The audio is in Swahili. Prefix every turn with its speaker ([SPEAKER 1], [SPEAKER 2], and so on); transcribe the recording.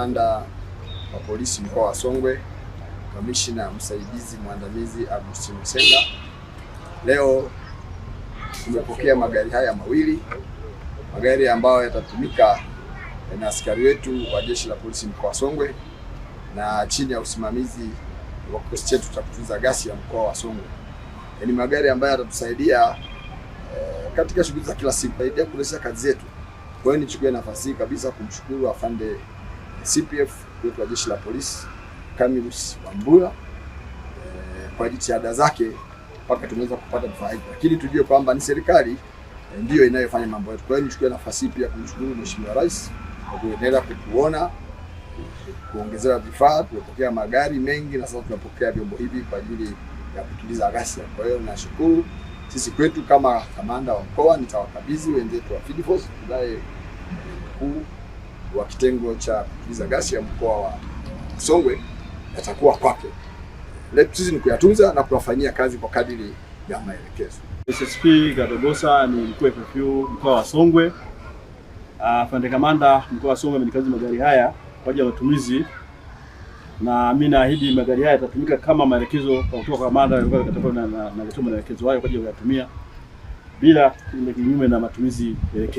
[SPEAKER 1] Kamanda wa polisi mkoa wa Songwe, kamishna msaidizi mwandamizi Agustino Senga, leo tumepokea magari haya mawili, magari ambayo yatatumika na askari wetu wa jeshi la polisi mkoa wa Songwe na chini ya usimamizi wa kikosi chetu cha kutunza ghasia ya mkoa wa Songwe. E, ni magari ambayo yatatusaidia eh, katika shughuli za kila siku, kusaidia kuendesha kazi zetu. Kwa hiyo nichukue nafasi hii kabisa kumshukuru afande CPF wetu wa jeshi la polisi Camillus Wambura e, kwa jitihada zake mpaka tumeweza kupata vifaa faida, lakini tujue kwamba ni serikali e, eh, ndiyo inayofanya mambo yetu. Kwa hiyo nichukue nafasi hii pia kumshukuru Mheshimiwa Rais kwa kuendelea kutuona, kuongezewa vifaa, tumepokea magari mengi na sasa tunapokea vyombo hivi kwa ajili ya kutuliza ghasia. Kwa hiyo nashukuru sisi kwetu kama kamanda wa mkoa nitawakabidhi wenzetu wa Field Force tunaye mkuu wa kitengo cha gasi ya mkoa wa Songwe yatakuwa kwake. Letu sisi ni kuyatunza na kuwafanyia kazi kwa kadiri ya maelekezo.
[SPEAKER 2] SSP Gadogosa ni mkuu FFU mkoa wa Songwe. Afande ah, kamanda mkoa wa Songwe amenikazi magari haya kwa ajili ya matumizi, na mimi naahidi magari haya yatatumika kama maelekezo kwa kutoka kwa kamanda na maelekezo hayo kwa ajili ya kuyatumia bila kinyume na matumizi yake.